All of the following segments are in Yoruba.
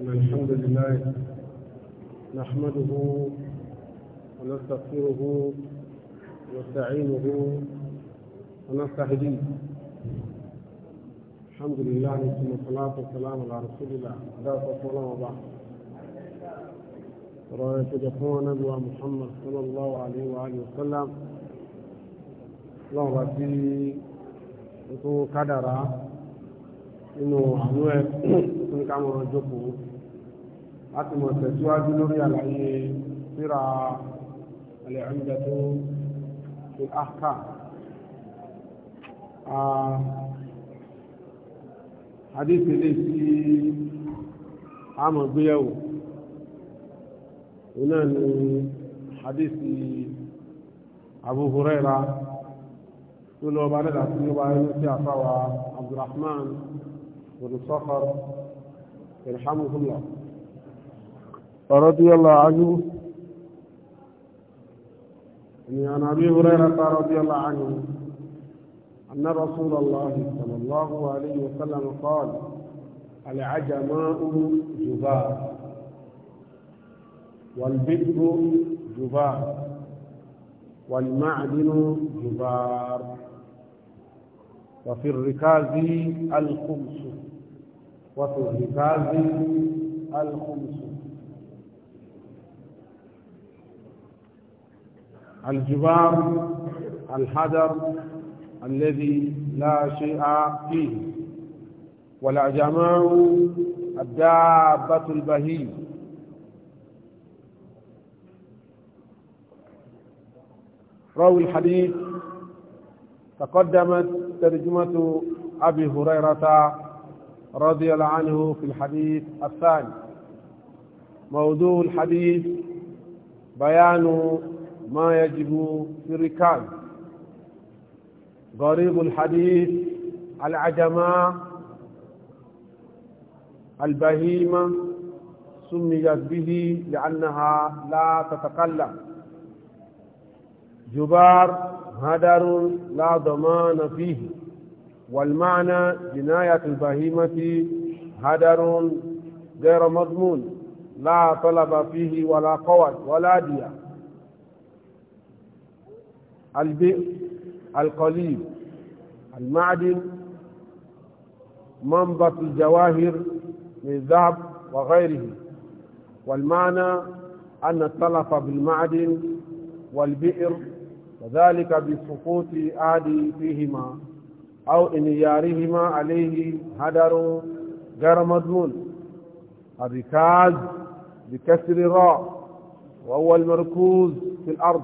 إن الحمد لله نحمده ونستغفره ونستعينه ونستهديه الحمد لله ثم الصلاة والسلام على رسول الله ذات الصلاة وبعد رأيت جفون نبوة محمد صلى الله عليه وآله وسلم lọ́wọ́ tí ó tó ní káwọn ọ̀rọ̀ jókòó láti mọ̀ tẹ̀síwájú lórí àlàyé síra àlẹ́hàmìdá tó ṣe áká àdéṣelé sí àmọ̀gbéyàwó òun náà ni àdéṣe Abu Huraira tó lọ bá dẹ́dà sí wáyé ní sí àfáwà Abdurrahman bin يرحمه الله رضي الله عنه عن أبي هريرة رضي الله عنه أن رسول الله صلى الله عليه وسلم قال العجماء جبار والبئر جبار والمعدن جبار وفي الركاز الخمس وفي الحفاظ الخمس الجبار الحذر الذي لا شيء فيه جماع الدابة البهيم روي الحديث تقدمت ترجمة أبي هريرة رضي الله عنه في الحديث الثاني موضوع الحديث بيان ما يجب في الركاب غريب الحديث العجماء البهيمة سميت به لأنها لا تتكلم جبار هدر لا ضمان فيه والمعنى جناية البهيمة هدر غير مضمون لا طلب فيه ولا قوت ولا دية البئر القليل المعدن منبت الجواهر من ذهب وغيره والمعنى أن التلف بالمعدن والبئر وذلك بسقوط آدي فيهما أو يارهما عليه هدر غير مضمون الركاز بكسر راء وهو المركوز في الأرض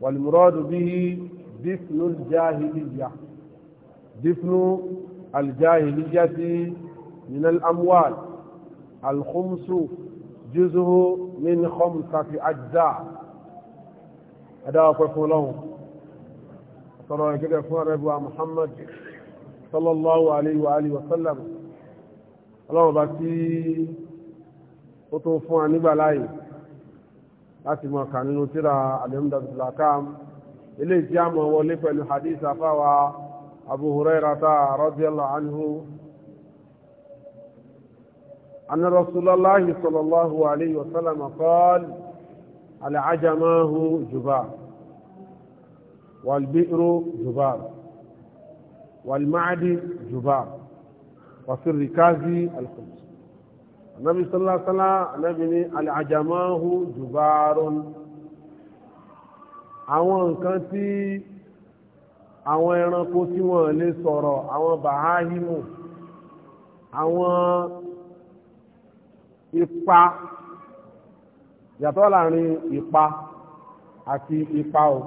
والمراد به دفن الجاهلية دفن الجاهلية من الأموال الخمس جزء من خمسة أجزاء هذا أقول لهم tọrọ ìkẹ́kẹ́ fún arẹ́bùwa Muhammad sallallahu alayhi wa alihi wa sallam ọlọ́run bá tí ó tó fún wa nígbà láàyè láti mọ̀ kà nínú tíra alẹ́mdàbìlàkàm ilé tí a wọlé pẹ̀lú hadith afáwa abu hurairata radiyallahu anhu أن رسول الله صلى الله عليه وسلم قال العجماه جباه والبئر جبار والمعد جبار وفي الركاز الخمس النبي صلى الله عليه وسلم نبني العجماه جبار àwọn nǹkan tí àwọn ẹranko tí wọ́n lè sọ̀rọ̀ àwọn bàáhímù àwọn ipa yàtọ̀ láàrin ipa àti ipa o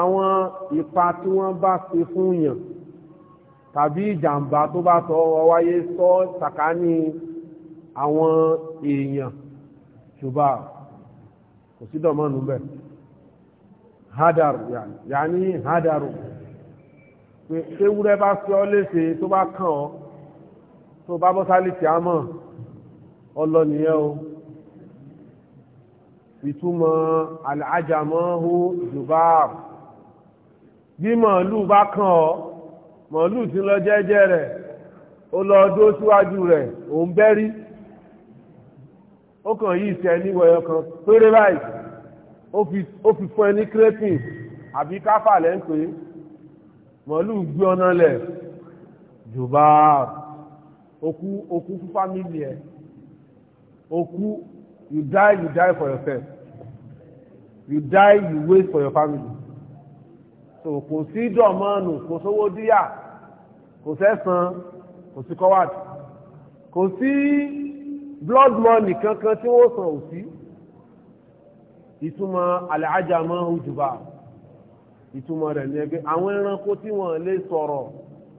àwọn ipa tí wọ́n bá ṣe fún yàn tàbí ìjàmbá tó bá sọ ọ wáyé sọ sàkání àwọn èèyàn ṣùgbọ́n kò sí dọ̀mọ́nù bẹ́ẹ̀ hadaru yàní hadaru pé ewúrẹ́ bá fi ọ léṣe tó bá kàn ọ́ tó bá bọ́ sálìtì àmọ́ ọlọ́nìyẹ́ o ìtumọ̀ alájàmọ́ hó jùbáàrù bí màálù bá kàn ọ́ màálù ti lọ jẹ́jẹ́ rẹ̀ ó lọ dó síwájú rẹ̀ òun bẹ́rí ó kàn yí ìṣẹ́ níwọ̀nyọ kan péré báyìí ó fi fún ẹ ní crepin àbí káfà lẹ́ ń pè é màálù gbé ọ̀nà lẹ̀ jùbá okú okú fún fámìlì ẹ̀ okú you die you die for yourself you die you wait for your family so kò sí dọ̀mọ́nù kò sówó díyà kò sẹ́sàn kò sí kọ́wàtì kò sí blood money kankan tí wọ́n san ò sí ìtumọ̀ àlàájá máa ń jùbà ìtumọ̀ rẹ̀ ní ẹgbẹ́ àwọn ẹranko tí wọ́n lè sọ̀rọ̀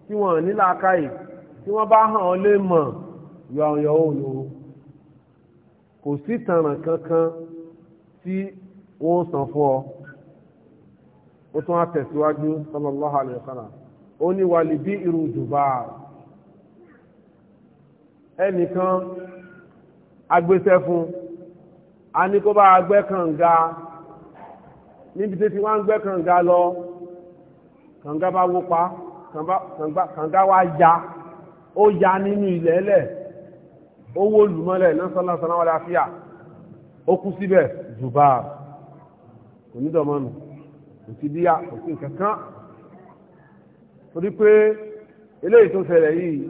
tí wọ́n ní làákàyè tí wọ́n bá hàn ọ́ lè mọ̀ yọ̀ọ̀yọ̀ òyòrò kò sí ìtanràn kankan tí wọ́n san fún ọ ó tún á tẹ̀síwájú sallallahu alayhi wa sallam ó ní wàlì bí irú jùbà ẹnìkan agbésẹ́ fún a ní kó bá agbẹ́ kànga níbi tí wọ́n ń gbẹ́ kànga lọ kànga bá wó pa kànga wá ya ó ya nínú ilẹ̀ ẹlẹ̀ ó wó lùmọ́lẹ̀ lọ́sọ́lọ́sọ́lọ́wọ́lá fíà ó kú síbẹ̀ jùbà kò kò sí díà kò sí nǹkan kan torí pé eléyìí tó ṣẹlẹ̀ yìí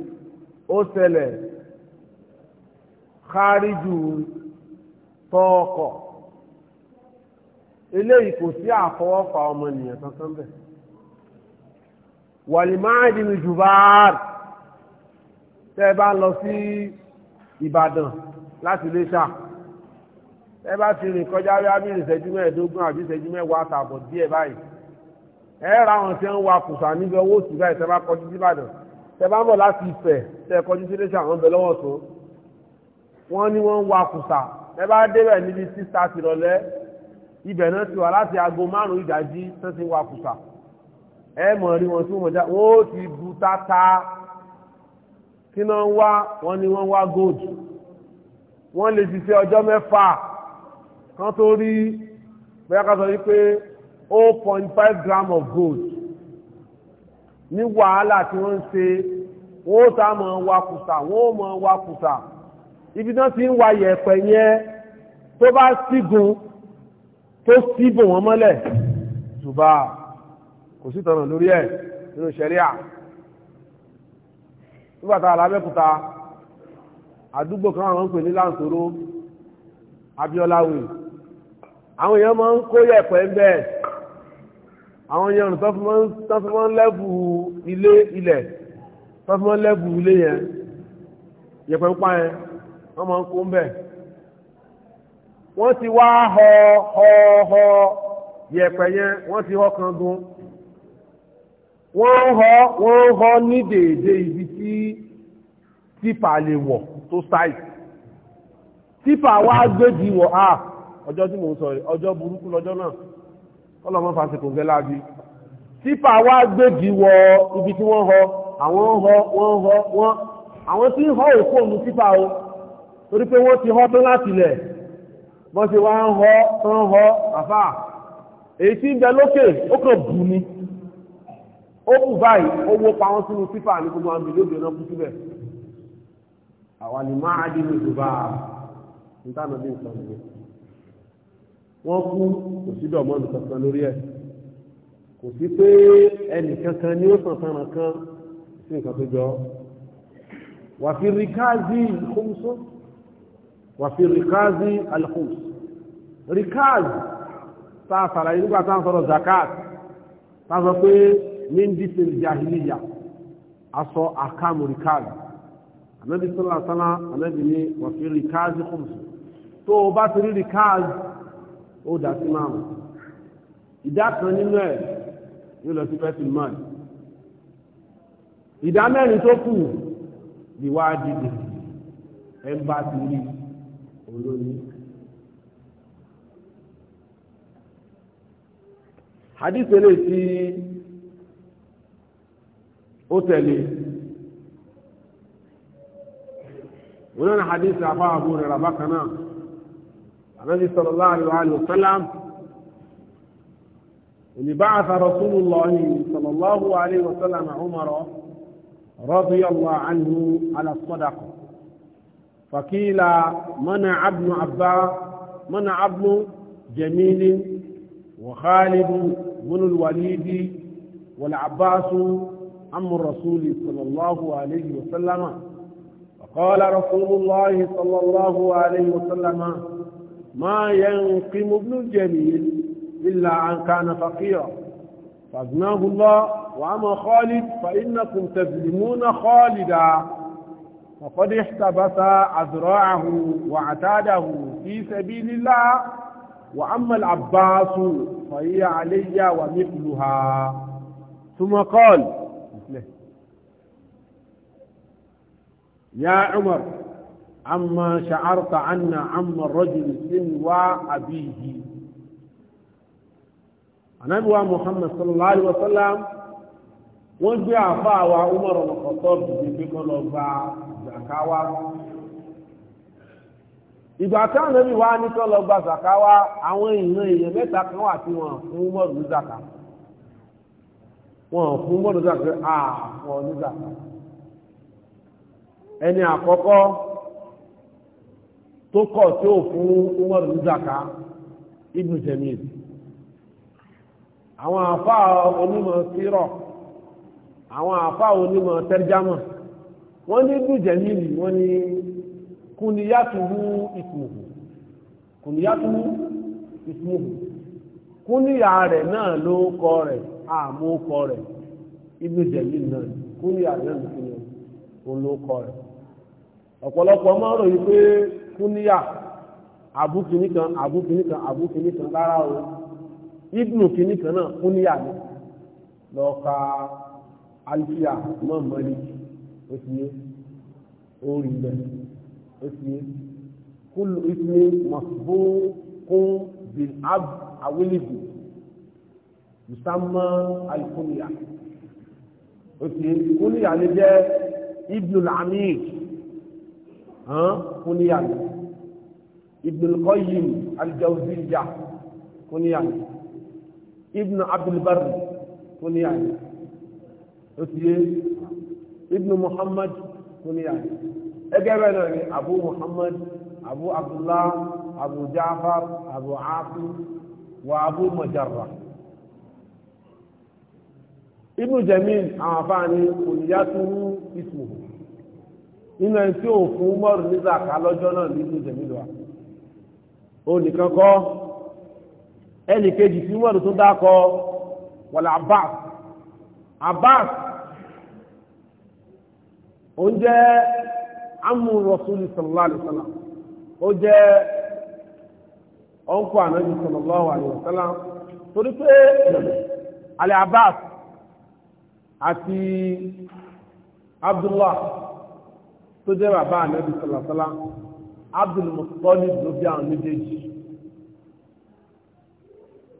ó ṣẹlẹ̀ kárìjù tọ́ọ̀kọ̀ eléyìí kò sí àfọwọ́fà ọmọnìyàn kankan bẹ̀ wàlìmáàdì jùbáàrì tẹ́ ẹ bá lọ sí Ìbàdàn láti Iléṣà ẹ bá ti rìn kọjá rí ábí ìṣẹ́jú mẹ́ẹ̀ẹ́dógún àbí ìṣẹ́jú mẹ́wàá àtààbọ̀ díẹ̀ báyìí ẹ ra àwọn tí ń wa kùsà níbi owó òsì báyìí tẹ bá kọjú sí Ìbàdàn tẹ bá ń bọ̀ láti Ifẹ̀ tẹ kọjú sí iléeṣẹ́ àwọn ọbẹ̀ lọ́wọ́ tó wọ́n ní wọ́n ń wa kùsà ẹ bá débẹ̀ níbi six thirty rọ̀lẹ́ ibẹ̀ náà ti wà láti aago márùn-ún ìdájí tó ti wa kùsà ẹ mọ̀ rí wọn tí wọ́n ti bu tata kan tó rí bóyá ká sọ wípé 0.5 gram of gold ní wàhálà tí wọ́n ń ṣe wọ́n ó ta mọ̀ wakùsà wọ́n ó mọ̀ wakùsà ibi tán ti ń wa yẹ̀pẹ̀ yẹn tó bá sígun tó síbò wọ́n mọ́lẹ̀ ṣùgbà kò sí tọ̀nà lórí ẹ̀ nínú ṣẹ̀ríà nígbàtà alábẹ́kúta àdúgbò kan àwọn ń pè ní láǹtòrò Abíọ́láwì àwọn èèyàn máa ń kó yẹ̀pẹ̀ ń bẹ̀ àwọn èèyàn tó lẹ́bù ilé ilẹ̀ tó fi máa ń lẹ́bù ilé yẹn yẹ̀pẹ̀ ń pa yẹn wọ́n máa ń kó ń bẹ̀ wọ́n ti wá họ họ họ yẹ̀pẹ̀ yẹn wọ́n ti họ kan gun wọ́n ń họ wọ́n họ ní dèédé ibi tí típà lè wọ̀ tó sáì típà wá gbégi wọ̀ áà. Ah, ọjọ́ tí mò ń sọ rẹ̀ ọjọ́ burúkú lọ́jọ́ náà ọlọ́mọ fásitì ń fẹ́ láàbí sípà wá gbèjì wọ ibi tí wọ́n họ àwọn họ wọ́n họ wọ́n àwọn tí ń họ òkú òun sípà o torí pé wọ́n ti họ tán láti lẹ̀ wọ́n ti wá ń họ tán họ àfà èyí tí ń bẹ lókè ó kàn bù ni ó kù báyìí ó wó pa wọn sínú sípà ní gbogbo àmì lóde náà kú síbẹ̀ àwa ni máa dín ní Dubai nítorí náà bí nǹkan nìyẹn wọ́n kú kò sí dọ̀mọ́nù kankan lórí ẹ̀ kò sí pé ẹnì kankan ni ó sàn sanra kan sí nǹkan tó jọ wàfi ríkáàzì alkhumsu wàfi ríkáàzì alkhumsu ríkáàzì tá a sàlàyé nígbà tá a sọ̀rọ̀ zakat tá a sọ pé míndísìn jahiliya aṣọ àkàmù ríkáàzì ànábi sọlá sọlá ànábi ní wàfi ríkáàzì khumsu tó o bá ti rí ríkáàzì ó dá sí márùn ìdá kan nínú ẹ̀ yóò lọ sí fẹ́sìn mọ́ọ̀lì ìdá mẹ́rin tó kù ni wá dìde ẹ̀ ń bá ti rí olóyún. hadith eléyìí tí ó tẹ̀lé wọn náà hadith àbá àbúrò rẹ̀ rà bákan náà. النبي صلى الله عليه وآله وسلم اللي بعث رسول الله صلى الله عليه وسلم عمر رضي الله عنه على الصدقة فقيل منع ابن عباس منع ابن جميل وخالد بن الوليد والعباس عم الرسول صلى الله عليه وسلم فقال رسول الله صلى الله عليه وسلم ما ينقم ابن الجميل إلا أن كان فقيرا فأغناه الله وأما خالد فإنكم تظلمون خالدا فقد احتبس أذراعه وعتاده في سبيل الله وأما العباس فهي علي ومثلها ثم قال يا عمر عما شعرت عنا عما الرجل سنوى أبيه anabiwa محمد صلى الله عليه وسلم wọn gbé àfa wa umar ọlọpọtọ bìbí pé kọ lọ gba zakawa ìgbà tí anabi wa ní kọ lọ gba zakawa àwọn èèyàn èèyàn mẹ́ta kan wà tí wọn fún umar ní zaka wọn fún umar ní zaka ah, àfọ ní zaka ẹni àkọ́kọ́. tó kọ̀ tí ó fún Umar nzaka ibn Jamil àwọn àfa onímọ̀ sírọ̀ àwọn àfa onímọ̀ tẹ́rjámọ̀ wọ́n ní ibn Jamil wọ́n ní kúniyàtúwú ismuhu kúniyàtúwú ismuhu kúniyà rẹ̀ náà ló kọ́ rẹ̀ àmú kọ́ rẹ̀ ibn Jamil náà kúniyà náà ló kọ́ rẹ̀ ọ̀pọ̀lọpọ̀ máa ń ròyìn pé kúníyà àbúkìní kan àbúkìní kan àbúkìní kan rárá o ibnu kìní kan náà kúníyà ni lọ ka alifia mọ́ mọ́lìkì ó ti yé orí bẹ́ẹ̀ ó ti yé kúlù ismi masbukun bil ab awilibu musamman alkúníyà kúníyà ni jẹ́ ibnu lamid hàn kúníyàn Ibn Qayyim al-Jawziyya kúníyàn Ibn Abdul Barr kúníyàn ó ti yé Ibn Muhammad kúníyàn ẹgẹ́ bẹ́ẹ̀ náà ni Abu Muhammad Abu Abdullah Abu Ja'far Abu Asim wa Abu Majarrah Ibn Jamil àwọn afáàní kúníyàtúhù ismuhu nínú nke tí òun fún mọ́rùn ní zaka lọ́jọ́ náà nínú O ó nìkan kọ́ ẹnì kejì tí mọ́rùn tó Abbas Abbas ó jẹ́ amú Rasuli o ó jẹ́ ọ̀nkọ́ ànábi sallallahu alaihi torí pé alẹ́ Abbas àti abdullahi tó jẹ́ bàbá ànábì sọ̀làsọ́lá Abdul Muttalib ló bí àwọn méjèèjì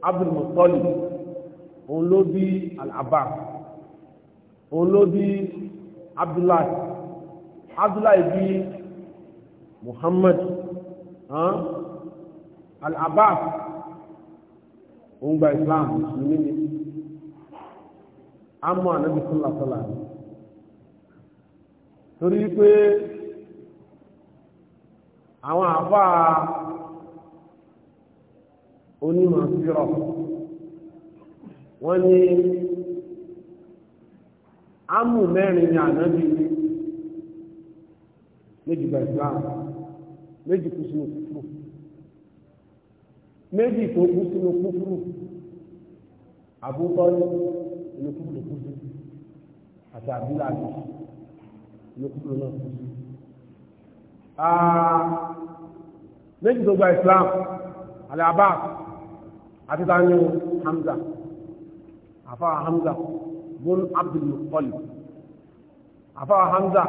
Abdul Muttalib òun ló bí Al-Abbas òun ló bí Abdullahi Abdullahi bí Muhammad Al-Abbas òun gba Islam mùsùlùmí ni àmọ́ ànábì sọ̀làsọ́lá ni torí pé àwọn àbá onímọ̀ sírọ̀ wọ́n ní ámù mẹ́rin ní ànábì méjì bẹ̀rẹ̀ méjì kú sínú kúrú méjì tó kú sínú kúrú àbúkọ́ ní inú kúrú kú sí àti àbúlà àti yòókù ah, náà méjì tó gba islam alaba àti tani hamza afa hamza bun abdul muttalib afa hamza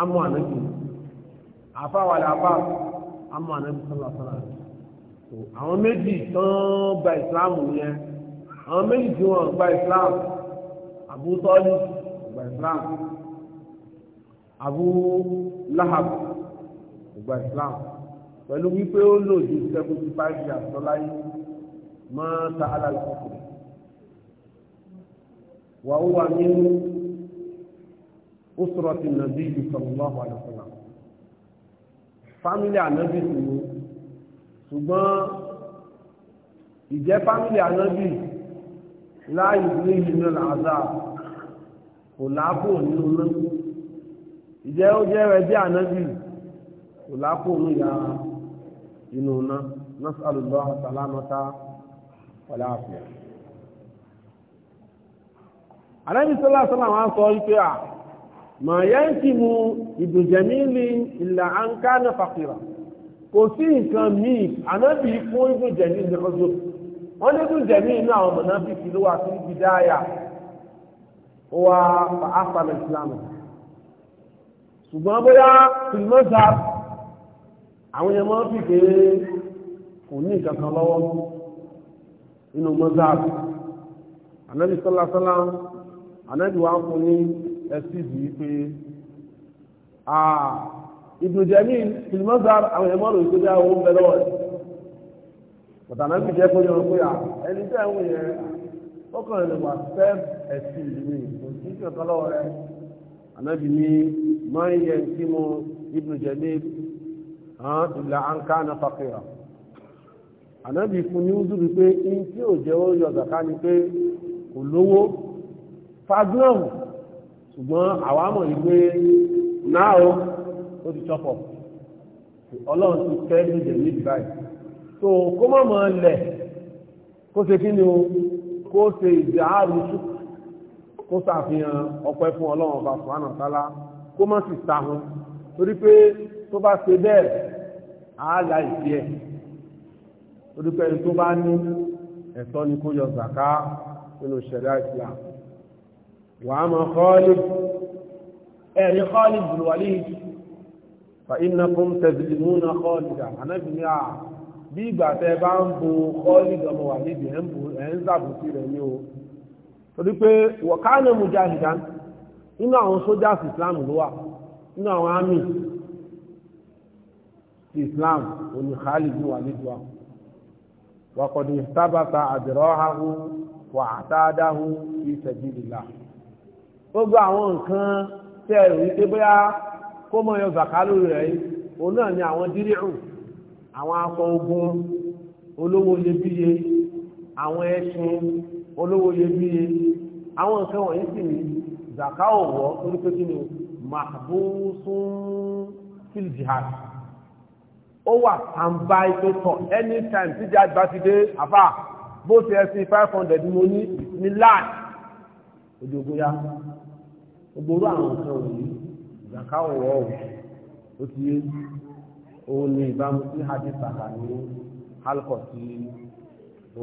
amu anabi afa alaba amu anabi sallallahu alaihi wasallam àwọn méjì tán gba islam yẹn àwọn méjì tí wọn gba islam Abu gba islam Abu Lahab ìgbà Islam pẹ̀lú wípé ó lò ju seventy five years lọ́láyé mọ́ sahara ìkọkùnrin wà ó wà ní usrati nàbí sallallahu alaihi wasallam fámílì ànábì sùnú ṣùgbọ́n ìjẹ́ fámílì ànábì láàyè ní ìlú náà kò láàbò nínú náà ìjẹ́ ó jẹ́ rẹ̀ bí ànábì kò lápò ní ìyá inú ná nasalullah salamata wàlá àfíà ànábì sọ́lá sọ́lá wọn sọ wípé à mà yẹ́ǹkì mu ìdùjẹ̀mílì ìlà àǹká ní fàkìrà kò sí nǹkan míì ànábì fún ìdùjẹ̀mílì lọ́sọ̀ wọ́n ní ìdùjẹ̀mílì náà àwọn mọ̀nàbí kìlówà sí ibi dáyà ó wá fa ìsìlámù ṣùgbọ́n bóyá fìlímọ́sà àwọn èèyàn máa ń fi pé kò ní ìkankan lọ́wọ́ nínú mọ́sà ànábì sọ́lásọ́lá ànábì wa fún ní ẹ̀sìsì pé ìdòjẹ̀mí fìlímọ́sà àwọn èèyàn máa ń ròyìn pé owó ń bẹ lọ́wọ́ rẹ̀ náà fi jẹ́ pé yọ̀ pé ẹni tẹ́ ń wò yẹn ọkàn fẹ́ ẹ̀sìn ìlú kò sí ìkankan lọ́wọ́ rẹ̀ anabi ni máa ń yẹ tí mo ibnu Jalil hàn ìlà ànká na fàkìrà anabi fún ní údúrú pé in tí ò jẹ́ ó yọ zaka ni pé kò lówó fagbọ́n ṣùgbọ́n àwa mọ̀ ní pé náà ó ti chọ́pọ̀ ọlọ́run ti tẹ́ ní ìjẹ̀lú ìbáyìí so kó mọ̀ mọ̀ lẹ̀ kó ṣe kí ni o kó ṣe ìdáàrú ṣùkú kó sàfihàn ọpẹ́ fún ọlọ́run ọba fúnánà tálá kó má sì sáhun torí pé tó bá ṣe bẹ́ẹ̀ àálà ìdí ẹ̀ torí pé tó bá ní ẹ̀tọ́ ni kó yọ zàká nínú ṣẹ̀ríà Islam wàá mọ Khalid ẹ̀rí Khalid bin Walid fa innakum tazlimuna Khalida ànábì ní à bí ìgbà tẹ bá ń bo Khalid ọmọ Walid ẹ̀ ń zàbùtì rẹ̀ ní o torí pé wọ̀kánà mujahidan nínú àwọn sójà islam ló wà nínú àwọn àmì islam òní Khalid ní Walid wa wàkọ̀dì sábàtà àdìrọ́hàhù wà àtàdáhù fi sabilillah gbogbo àwọn nǹkan tẹ́ ẹ̀rù wípé bóyá kó mọ̀ yọ zàkálù rẹ̀ òun náà ni àwọn dírìrù àwọn aṣọ ogun olówó iyebíye àwọn ẹṣin olówó iyebíye àwọn nǹkan wọ̀nyí sì ní zaka ọ̀wọ́ torí pé kí ni mahbusun fil jihad ó wà tàǹbà ìpẹ́tọ̀ anytime tí jihad bá ti dé àfà bó ti ẹ sí five hundred mo ní ní láì ojogun ya gbogbo àwọn nǹkan wọ̀nyí zaka ọ̀wọ́ ó ti yé òun ní ìbámu sí hadith àkàní halkọ̀ tí ó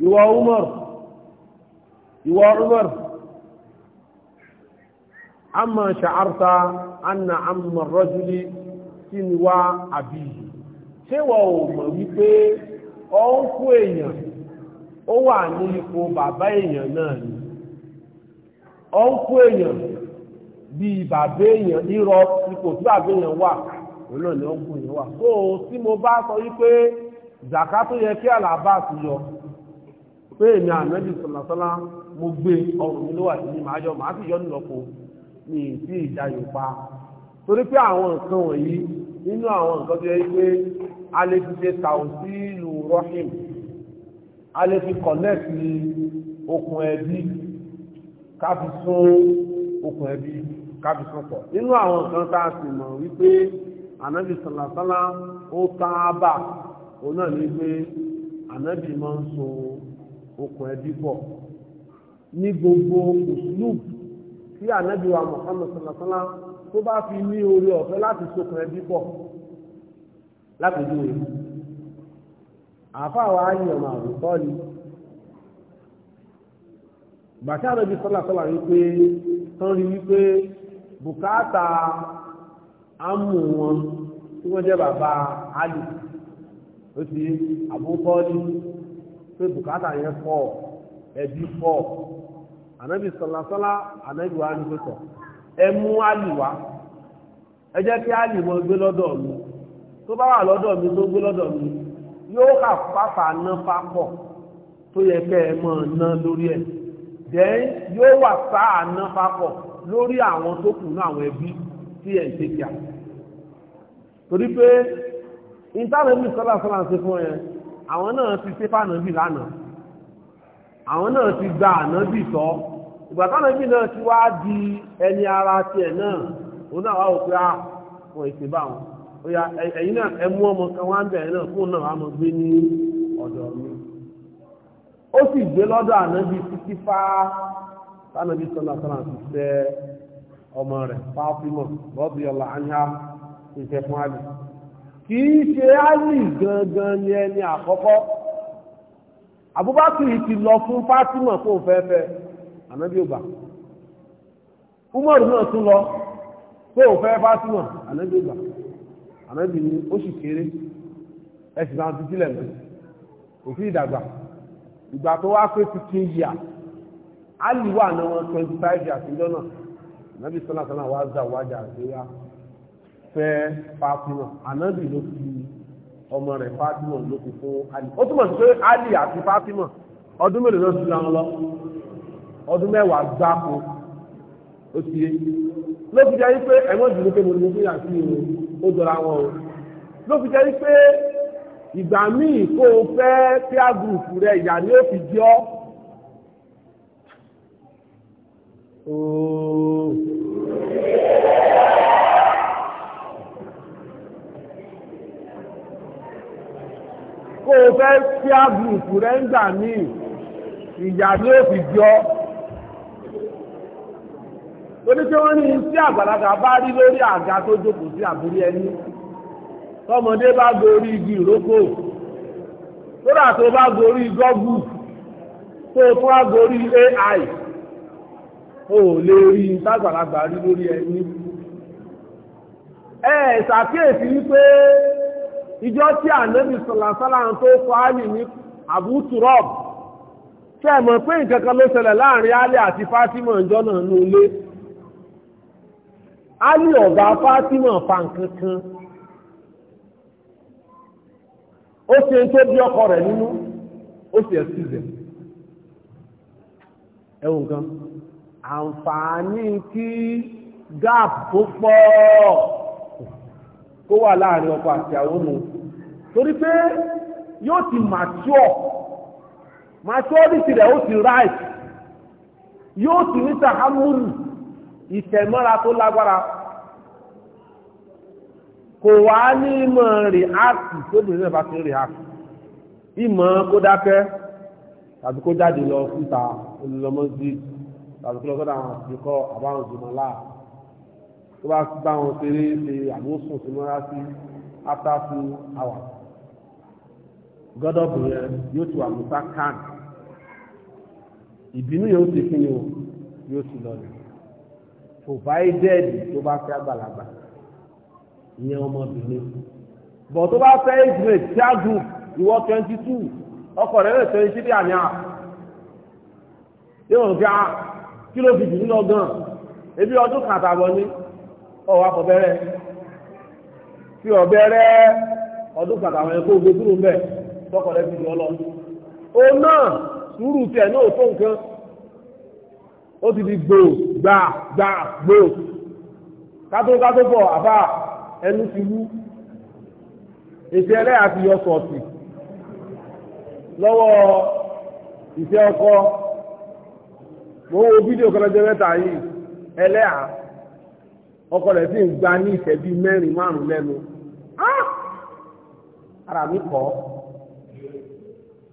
ìwọ umar ìwọ umar amma sha'arta anna amma rajuli sinwa abi ṣé wọ ò mọ̀ wípé ọ ń kú èèyàn ó wà ní ipò bàbá èèyàn náà ni ọ ń kú èèyàn bíi bàbá èèyàn irọ́ ipò tí bàbá èèyàn wà òun náà ni ó ń kú èèyàn wà. tó mo bá sọ wípé zaka tó yẹ kí alábàá ti pé èmi ànábì sọ̀làsọ́lá mo gbé ọrùn mi ló wà sí màá yọ màá sì yọ nílọ́po ní ìsí ìjà yorùbá torí pé àwọn nǹkan wọ̀nyí nínú àwọn nǹkan tó yẹ pé a lè fi ṣe tàùsílù rọ́ṣìn a lè fi kọ̀lẹ́ẹ̀tì okùn ẹbí ká fi sún okùn ẹbí ká fi sún pọ̀ nínú àwọn nǹkan tá a sì mọ̀ wípé ànábì sọ̀làsọ́lá ó sáábà òun náà ní pé ànábì máa ń so okùn ẹbí pọ̀ ní gbogbo uslub tí ànábì wa Muhammad sọlọsọlá tó bá fi ní orí ọ̀fẹ́ láti sokùn ẹbí pọ̀ láti dúró yìí àáfàá wa á yàn máa rò tọ́lì bàtí ànábì sọlọsọlá rí pé tán rí wípé bùkátà ámù wọn tí wọ́n jẹ́ bàbá Àlì ó ti àbúkọ́lì pé bùkátà yẹn pọ̀ ẹbí pọ̀ ànábì sọ̀làsọ́lá ànábì wa ní pẹ̀tọ̀ ẹ mú àlì wá ẹ jẹ́ kí àlì mọ gbé lọ́dọ̀ mi tó bá wà lọ́dọ̀ mi tó gbé lọ́dọ̀ mi yóò kà pàpà ná papọ̀ tó yẹ kẹ́ ẹ mọ̀ ná lórí ẹ̀ dẹ́n yóò wà sáà ná papọ̀ lórí àwọn tó kù náà àwọn ẹbí tí ẹ̀ ń ṣe kíá torí pé ìtànàbì sọ̀làsọ́lá ń ṣe fún ẹ àwọn náà ti ṣe fànàbì lánàá àwọn náà ti gba ànábì sọ ìgbà tánàbì náà ti wá di ẹni ara tiẹ̀ náà òun náà wá wò pé àwọn ah, ìṣèbá wọn oya ẹ̀yin náà ẹ mú ọmọ kan wá ń bẹ̀rẹ̀ náà fún náà wàá mọ gbé ní ọ̀dọ̀ mi ó sì gbé lọ́dọ̀ ànábi títí fá tánàbí sọlá sọlá ti fẹ́ ọmọ rẹ̀ fáfímọ̀ lọ́bí ọ̀la ányá ìfẹ́ fún àlè kì í ṣe áàlì gangan ni ẹni àkọ́kọ́ Abubakar ti lọ fún Fatima fún òfẹ́fẹ́ ànábì ògbà Umar náà tún lọ fún òfẹ́ Fatima ànábì ògbà ànábì ni ó sì kéré ẹsìn náà ti sílẹ̀ mọ́ òfin ìdàgbà ìgbà tó wá pé fifteen years wà náà twenty five years ìjọ fẹ́ Fatima ànábì ló fi ọmọ rẹ̀ Fatima ló fi fún Ali ó túmọ̀ sí pé Ali àti Fatima ọdún mélòó ló ti lọ lọ ọdún mẹ́wàá gbáko ó ti yé ló fi jẹ́ pé ẹ̀wọ́n jù ní pé mo ní fún yàtí o ó jọra wọn o ló fi jẹ́ pé ìgbà míì kó o fẹ́ kí á gùrùpù rẹ ìyá ni ó fi jẹ́ ọ́. kó o fẹ́ píà gùrùpù rẹ̀ ń gbà míì ìyá ló fi jọ torí pé wọ́n ní tí àgbàlagbà bá rí lórí àga tó jókòó sí àbúrí ẹni tọmọdé bá gorí igi ìrókò lórí àtò bá gorí gọ́gù tó gorí AI o lè rí tágbàlagbà rí lórí ẹni ẹ̀ ṣàkíyèsí wípé ìjọ tí ànábì sọ̀làsọ́là tó kọ́ Àlì ní Abu Turab ṣe é mọ̀ pé nǹkan kan ló ṣẹlẹ̀ láàrin Àlì àti Fátímọ̀ ìjọ náà ní ilé Àlì ọ̀gá Fátímọ̀ fa ó ṣe tó bí ọkọ rẹ̀ nínú ó sì ẹ̀ sí rẹ̀ ẹ̀wọ̀n kan àǹfààní kí gáàpù tó pọ̀ kó wà láàrin ọkọ àti àwọn nù torí pé yóò ti mature maturity rẹ̀ ó ti right yóò ti ní sahamuru ìtẹ̀mọ́ra tó lágbára kò wá ní ìmọ̀ react tó bìnrin náà bá ti react ìmọ̀ kó dákẹ́ tàbí kó jáde lọ fúta olùlọmọ tàbí kó lọ sọ́dọ̀ àwọn àfikọ́ àbáwọn jùmọ̀ láà tó bá bá wọn ṣeré ṣe àbóṣùn sí mọ́ra sí after two hours gọ́dọ̀bù yẹn yóò ti wà mùsà khan ìbínú yóò ti fi yín o yóò ti lọ rẹ̀ provided tó bá fẹ́ àgbàlagbà ìyẹn ọmọbìnrin bọ̀ tó bá fẹ́ ìgbìmọ̀ tíá group ìwọ twenty two ọkọ̀ rẹ̀ lè twenty three àmì à yóò fi à ah, kí ló fi jù nínú ọgán ebi ọdún kàtàbọ̀ ni ọwọ́ afọ̀bẹ́rẹ́ fi ọ̀bẹ́rẹ́ ọdún kàkà àwọn ẹ̀kọ́ ògbé dúró mbẹ́ tọkọ̀rẹ́ fi di ọlọ́run ó náà sùúrù tiẹ̀ náà tó nǹkan ó ti di gbò gbà gbà gbò kátó kátó bọ̀ àbá ẹnu ti wú ètò ẹlẹ́yà ti yọ sọ̀tì lọ́wọ́ ìfẹ́ ọkọ mo wo fídíò kan lọ́jọ́ mẹ́ta yìí ẹlẹ́yà ọkọ rẹ̀ sì ń gba ní ìṣẹ́jú mẹ́rin márùn-ún lẹ́nu ara mi kọ́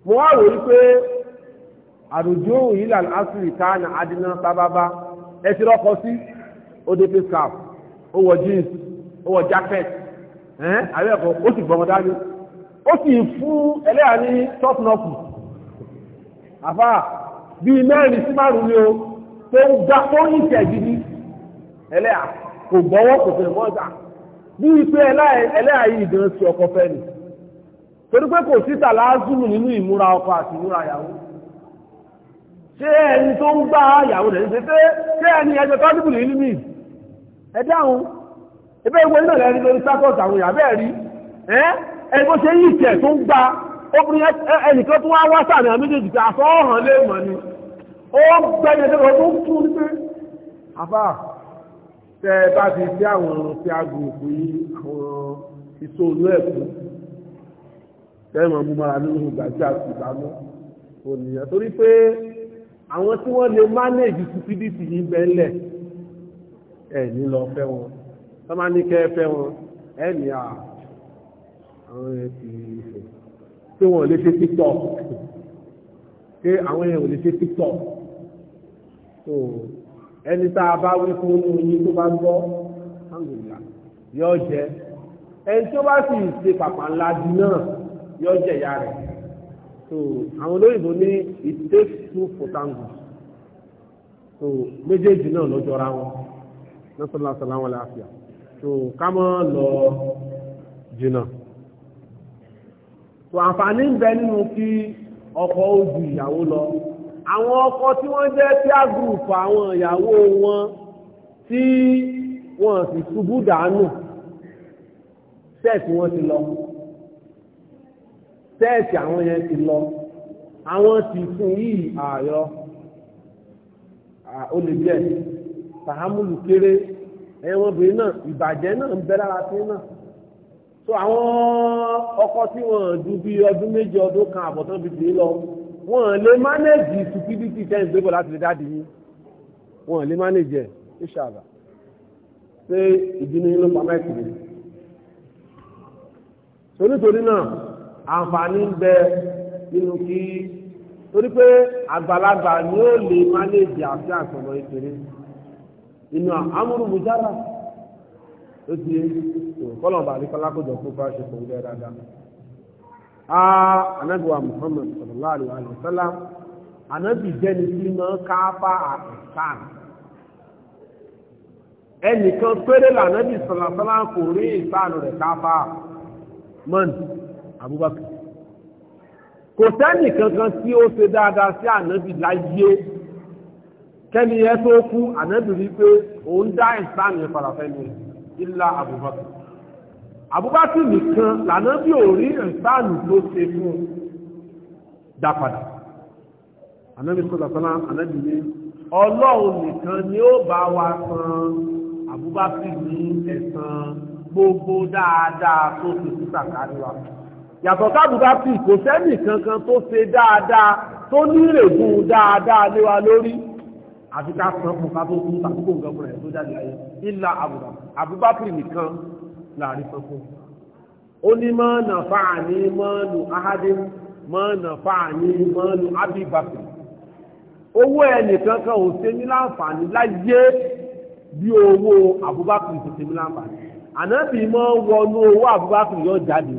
mo wá wòye pé àròjò ìlà asiri káàna adínà sábàbá ẹ ti rọ́kọ sí odp scarf ó jeans ó wọ jacket ẹ́n àwẹ́ ẹ̀kọ́ ó sì gbọmọdá ní ó sì fún ẹlẹ́yà ní tọ́pùnọ́pù àfá bí mẹ́rin sí márùn-ún ni ó tó ń gbá tó ń gidi ẹlẹ́yà kò gbọ́wọ́ kò fẹ́ mọ́ta bí wípé ẹlẹ́yà yìí dán sí ọkọ fẹ́ ni torí pé kò sí tàlázùmù nínú ìmúra ọkọ àti ìmúra ìyàwó ṣé ẹni tó ń gbá ìyàwó rẹ̀ ń ṣe pé ṣé ẹni ẹjọ́ tọ́júbù nínú mi ẹ dáhùn ẹgbẹ́ ìwé náà lẹ́ni lórí sákọ̀ọ̀tì àwọn èèyàn bẹ́ẹ̀ rí ẹni bó ṣe yìí tẹ̀ tó ń gbá obìnrin ẹnìkan tó wá wá sáà ní àmì méjèèjì àfọ́ ọ̀hàn lè mọ̀ ni ó gbẹ́ni ẹjọ́ tó ń tún ní pé àfáà tẹ́ ẹ bá ti sí àwọn ohun tí a gùn òkú yí àwọn ìṣó olú ẹ̀kú tẹ́ mú mara nínú ìgbà tí a sì bá mọ́ ònìyàn torí pé àwọn tí wọ́n lè manage stupidity yìí bẹ́ẹ̀lẹ̀ ẹ̀ ní lọ fẹ́ wọn tọ́ máa ní kẹ́ fẹ́ wọn ẹ̀ ní à àwọn ẹ̀ ti ìfẹ́ tí wọ́n lè ṣe tiktok pé àwọn ẹ̀ ò lè ṣe tiktok ẹni tá a bá wí fún inú yín tó bá gbọ́ yóò jẹ ẹni tó bá sì ṣe pàpà ńlá jù náà yóò jẹ ìyá rẹ̀ so àwọn olóyìnbó ní it takes two for tango so méjèèjì náà ló jọra wọn lọ́sọ̀lá sàlámù aláàfíà so ká mọ́ lọ jìnnà so àǹfààní ń bẹ nínú kí ọkọ ojú ìyàwó lọ àwọn ọkọ tí wọ́n jẹ́ peer group àwọn ìyàwó wọn tí wọ́n sì ṣubú dànù sẹ́ẹ̀tì wọn ti lọ sẹ́ẹ̀tì àwọn yẹn ti lọ àwọn ti fún yìí ààyọ ó lè jẹ́ sàhámùlù kéré ẹ̀wọ̀n obìnrin náà ìbàjẹ́ náà ń bẹ lára sí náà so àwọn ọkọ tí wọ́n ju bí ọdún méje ọdún kan àbọ̀tán bìbí lọ wọ́n lè manage stupidity ten gbébọ̀ láti lè dáàdì yín wọ́n lè manage ẹ̀ ìṣàlà pé ìdínú yín ló pa mẹ́tì rẹ̀ torítorí náà àǹfààní ń bẹ nínú kí torí pé àgbàlagbà ni ó lè manage àti àtọ̀nà ìpèrè inú amúrùmùjára ó ti yé kọ́lọ̀ bàbí kọ́lákòjọ fún fáṣepọ̀ ń bẹ dáadáa a anabiwa muhammad sallallahu alaihi wa sallam anabi jẹni tí máa káfá àtàn ẹnìkan péré lànàbì sọlọsọlá kò rí ìsànù rẹ káfá mọ́n abubakar kò sẹ́nì kankan tí ó ṣe dáadáa sí ànábì láyé kẹ́ni ẹ tó kú ànábì rí pé òun dá ìsànù ìfarafẹ́ ni ilá abubakar àbúbákì nìkan lànà bí ò rí ìsáàlù tó ṣe fún dápadà anábì sọ́lọ̀sọ́lá anábì ní ọlọ́run nìkan ni ó bá wa san àbúbákì ní ẹ̀san gbogbo dáadáa tó ṣe títà káríwá yàtọ̀ kábùbákì kò sẹ́nì kankan tó ṣe dáadáa tó nírègùn dáadáa léwa lórí àti ká san fún ká tó kú tàbí kò ń gọ́gbọ̀n tó jáde ayé ìlà àbúbákì nìkan láàrin sọ́kù ó ní mọ́ nà fáà ní mọ́ọ̀lù ahádé mọ́ nà fáà ní mọ́ọ̀lù abibakir owó ẹnìkan kan ò ṣe mí láǹfààní láyé bí owó abubakar ti ṣe mí láǹfààní ànábì mọ́ wọnú owó abubakar yóò jáde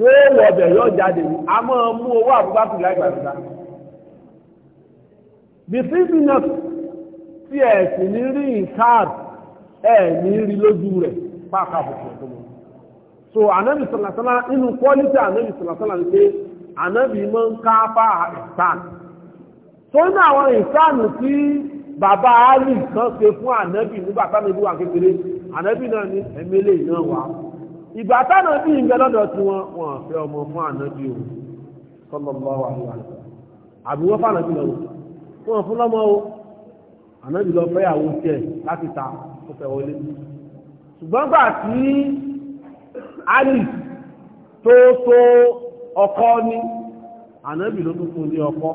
yóò wọ ọbẹ̀ yóò jáde a máa mú owó abubakar láì gbàgbà bìsíbì náà tí ẹ̀ sì ní rí ìkáàdì ẹ̀ ní rí lójú rẹ̀ páàkà àbùkù ọ̀tọ́ mọ́ so anabi sọ̀làsọ́lá inú quality anabi sọ̀làsọ́lá ni pé anabi máa ń ká fá ìsàn tó ní àwọn ìsàn tí bàbá ali kan ṣe fún anabi nígbà táwọn ibi wà kékeré anabi náà ní ẹ̀mẹ́lẹ̀ náà wà ìgbà táwọn ibi ń bẹ lọ́dọ̀ tí wọ́n wọ́n fẹ́ ọmọ fún anabi o sọlọ́lọ́ wà ní àná àbí wọ́n fún anabi lọ́wọ́ wọ́n fún lọ́mọ o anabi lọ fẹ́yàwó tiẹ̀ láti ta ó fẹ́ wọlé ṣùgbọ́n gbà tí Ali tó tó ọkọ ní ànábì ló tún fún ní ọkọ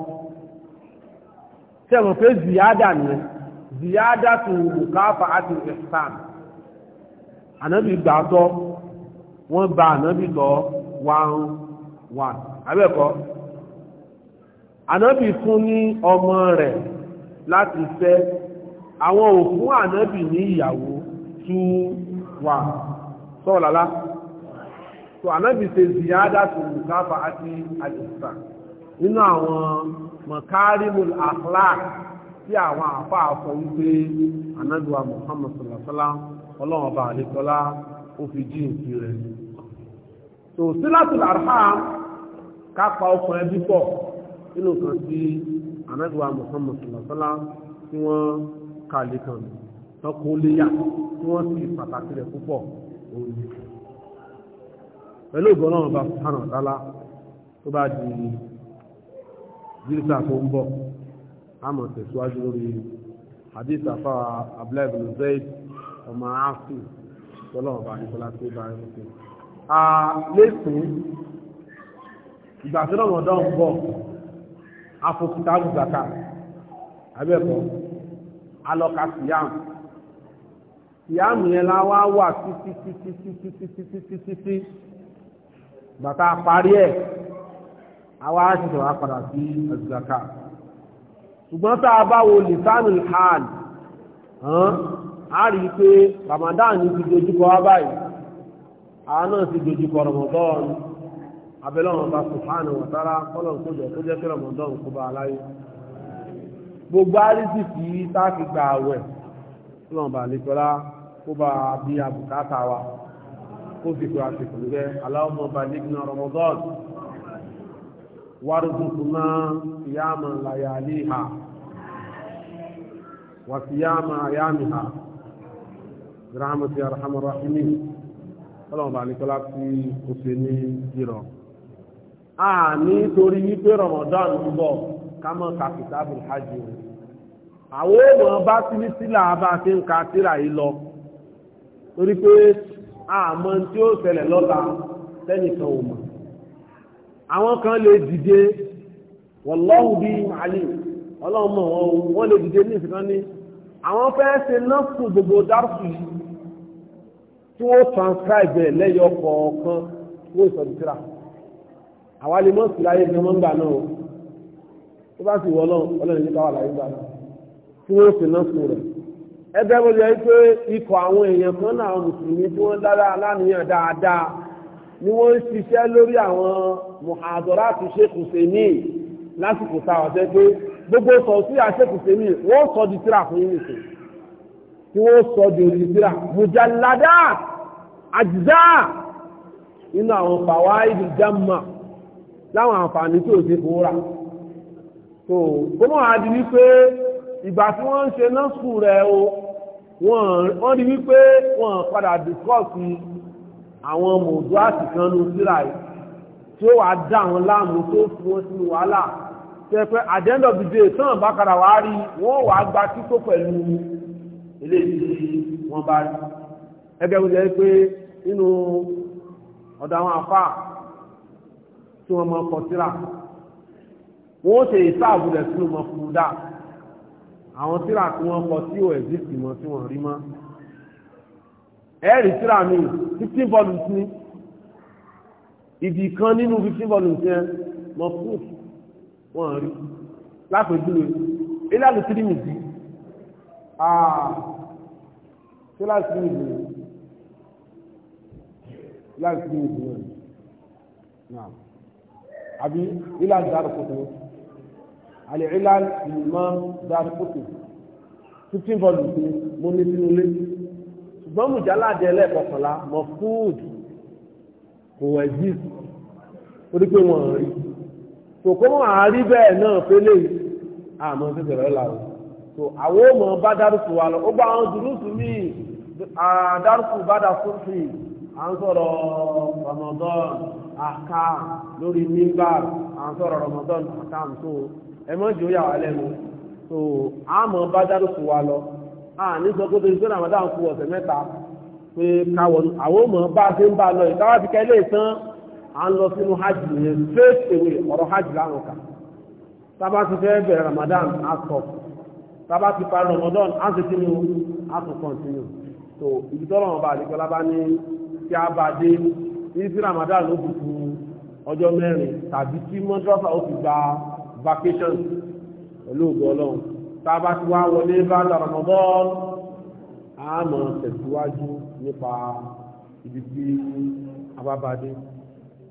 tẹ́mọ̀ pé ziyada ni ziyada tó bukafa àti ihsan ànábì gbàtọ́ wọ́n bá ànábì tọ́ wáhùn wà abẹ́kọ́ ànábì fún ní ọmọ rẹ̀ láti fẹ́ àwọn òfún ànábì ní ìyàwó two wà sọ́ọ̀lálá so anábì ṣe ziyada tó mùkáfà àti àdìsá nínú àwọn makarimul akhlaq tí àwọn àfa àfọ wípé anábì wa muhammad sallasala ọlọ́run ọba àlekọ́lá ó fi jí nǹkan rẹ̀ so silatul arham kápá ọkùnrin ẹbí pọ̀ nínú kan sí anábì wa muhammad sallasala tí wọ́n kà lẹ́kàn mi kọ́kọ́ léyà tí wọ́n sì pàtàkì rẹ̀ púpọ̀ òní pẹ̀lú ìgbọ́n náà bá sánà dálá tó bá di jírísà tó ń bọ̀ a mọ̀ tẹ̀síwájú lórí hadith afa abdullahi bin zayd ọmọ afi tọ́lọ́wọ́ bá nípọ́lá tó bá rẹ̀ lókè a lẹ́sìn ìgbà tí lọ́wọ́ dán ń bọ̀ afọkùtà àgùzàkà abẹ́ẹ̀kọ́ alọ́kà síyàmù ìyáàmù yẹn la wá wà títítítítítítítítítí bàtà parí ẹ̀ àwa ṣẹ̀ṣẹ̀ wá padà sí ẹ̀sùlákà ṣùgbọ́n tá a bá wo lìsánù hàn á rí i pé Ramadan ti dojúkọ wá báyìí àwa náà ti dojúkọ Ramadan abẹ́lọ́wọ́n bá subhanahu wa ta'ala kọ́lọ̀ tó jẹ́ tó jẹ́ kí Ramadan kó bá aláyé gbogbo àrísìkì tá a fi gba àwẹ̀ lọ́nà bá lè tọ́lá kó bá bí abùkátà wa kó sì kó àsìkò níbẹ̀ Allahumma balighna Ramadan warzuqna qiyama layaliha wa qiyama ayamiha rahmatu ya rahman rahimin ọlọ́run bá nìkọ́lá tí ó ṣe ní ìrọ̀ a nítorí wípé Ramadan ń bọ̀ ká mọ̀ ká kitabul hajj àwọn ọmọ bá sílísílà bá ṣe ń ka síra yìí lọ torí pé àmọ́ tí ó ṣẹlẹ̀ lọ́la tẹ́nìkan ò mọ̀ àwọn kan lè dìde wallahu bí màálì ọlọ́run mọ̀ wọn wọ́n lè dìde ní ìsìnkan ní àwọn fẹ́ ṣe nọ́ọ̀sù gbogbo dárùsù yìí tí wọ́n transcribe ẹ̀ lẹ́yọ kọ̀ọ̀kan wọ́n ìsọ̀dùtìrà àwa lè mọ́sí láyé ní wọ́n ń gbà náà tó bá sì wọ́ ọlọ́run ọlọ́run ní káwà láyé gbà náà tí wọ́n ṣe nọ́ọ̀sù rẹ̀ ẹgbẹ́ bó jẹ́ pé ikọ̀ àwọn èèyàn kan náà àwọn mùsùlùmí tí wọ́n dára aláníyàn dáadáa ni wọ́n ń ṣiṣẹ́ lórí àwọn muhadara àti ṣéèkù sèmi lásìkò táwọn ṣe pé gbogbo sọ sí àṣéèkù sèmi wọ́n sọ di tíra fún yín nìkan tí wọ́n sọ di orí tíra mùjàládà àjìzá inú àwọn fàwa ìdí jámà láwọn àǹfààní tí ò sí fún rà tó gbọ́dọ̀ àdìrí pé ìgbà tí wọ́n ń ṣe nọ́ọ̀sù rẹ̀ o wọ́n rí wípé wọ́n padà dìkọ́ọ̀sì àwọn mòdú àtìkan nu síra yìí tí ó wàá dá àwọn láàmú tó fi wọ́n sínú wàhálà tẹ pé at the of the day tán bá padà wàá rí wọ́n wàá gba tító pẹ̀lú eléyìí wọ́n bá rí ẹgbẹ́ wọ́n jẹ́ pé nínú ọ̀dọ̀ àwọn àfà tí wọ́n mọ kọtíra wọ́n ṣe ìsáàbù rẹ̀ sínú mọ̀ fúdà àwọn tíra tí wọ́n kọ tí ò ẹ̀jísì mọ́ tí wọ́n rí mọ́ ẹ̀rì tíra mi fifteen volumes ní ibì kan nínú fifteen volumes yẹn mọ́ fún wọ́n rí lápèjúwe ilé tírímìtì àà tí láti tírímìtì láti tírímìtì náà àbí ilé àti dárò kòkòrò alìílán ìmọ̀ dárífòtò fifteen volumes ni mo ní sínú ilé ṣùgbọ́n mùjálàdé ẹlẹ́ẹ̀kọkànlá mọ̀ fúùd kò exist torí pé wọ́n rí tòkó wọn àárí bẹ́ẹ̀ náà pélé àmọ́ tètè rẹ̀ làwọn so àwọn ọmọ bá dárúkú wa lọ ó gba àwọn dùrúsù míì dárúkú bá dà sófì à ń sọ̀rọ̀ Ramadan àká lórí nígbà à ń sọ̀rọ̀ Ramadan àká ń ẹ mọ́ jù yà wá lẹ́nu so àmọ́ bá dárò fún wa lọ à ní sọ pé torí pé ramadan fún ọ̀sẹ̀ mẹ́ta pé káwọn àwọn ọmọ bá a ṣe ń bá a lọ yìí káwá fi kẹ́lé tán à ń lọ sínú hajj yẹn straight away ọ̀rọ̀ hajj láwọn kà sábà ti fẹ́ bẹ̀rẹ̀ ramadan á sábà ti parí ramadan á sì sínú á tún continue so ibi tọ́lọ̀ wọn bá àdìgbọ́lá bá ní tí a bá dé ní sí ramadan ló kù fún ọjọ́ mẹ́rin tàbí tí mọ́tòfà ó fi gba vacation olóògbé ọlọ́run tá a bá ti wá wọlé bá Ramadan a mọ̀ tẹ̀síwájú nípa ibi tí abábadé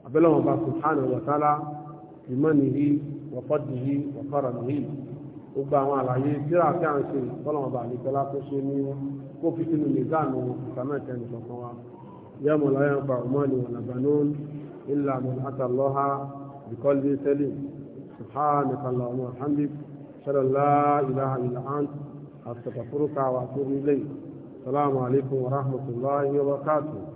abẹ́lẹ́wọ̀n bá subhanahu wa ta'ala ìmọ̀nìyí wọ̀fọ́dìyí wọ̀fọ́rọ̀nìyí gbogbo àwọn àlàyé tíra tí a ń ṣe ìfọ́lọ́wọ̀n bá nìkọ́lá tó ṣe ní kó fi sínú mìzánù ìsàmẹ́tẹ̀ nìkọ̀kan wa yẹ́mọ̀ láyé ń pa ọmọ ìwọ̀n àgbànú illa man ata Allaha biqalbin salim سبحانك اللهم وبحمدك أشهد أن لا إله إلا أنت أستغفرك واتوب إليك السلام عليكم ورحمة الله وبركاته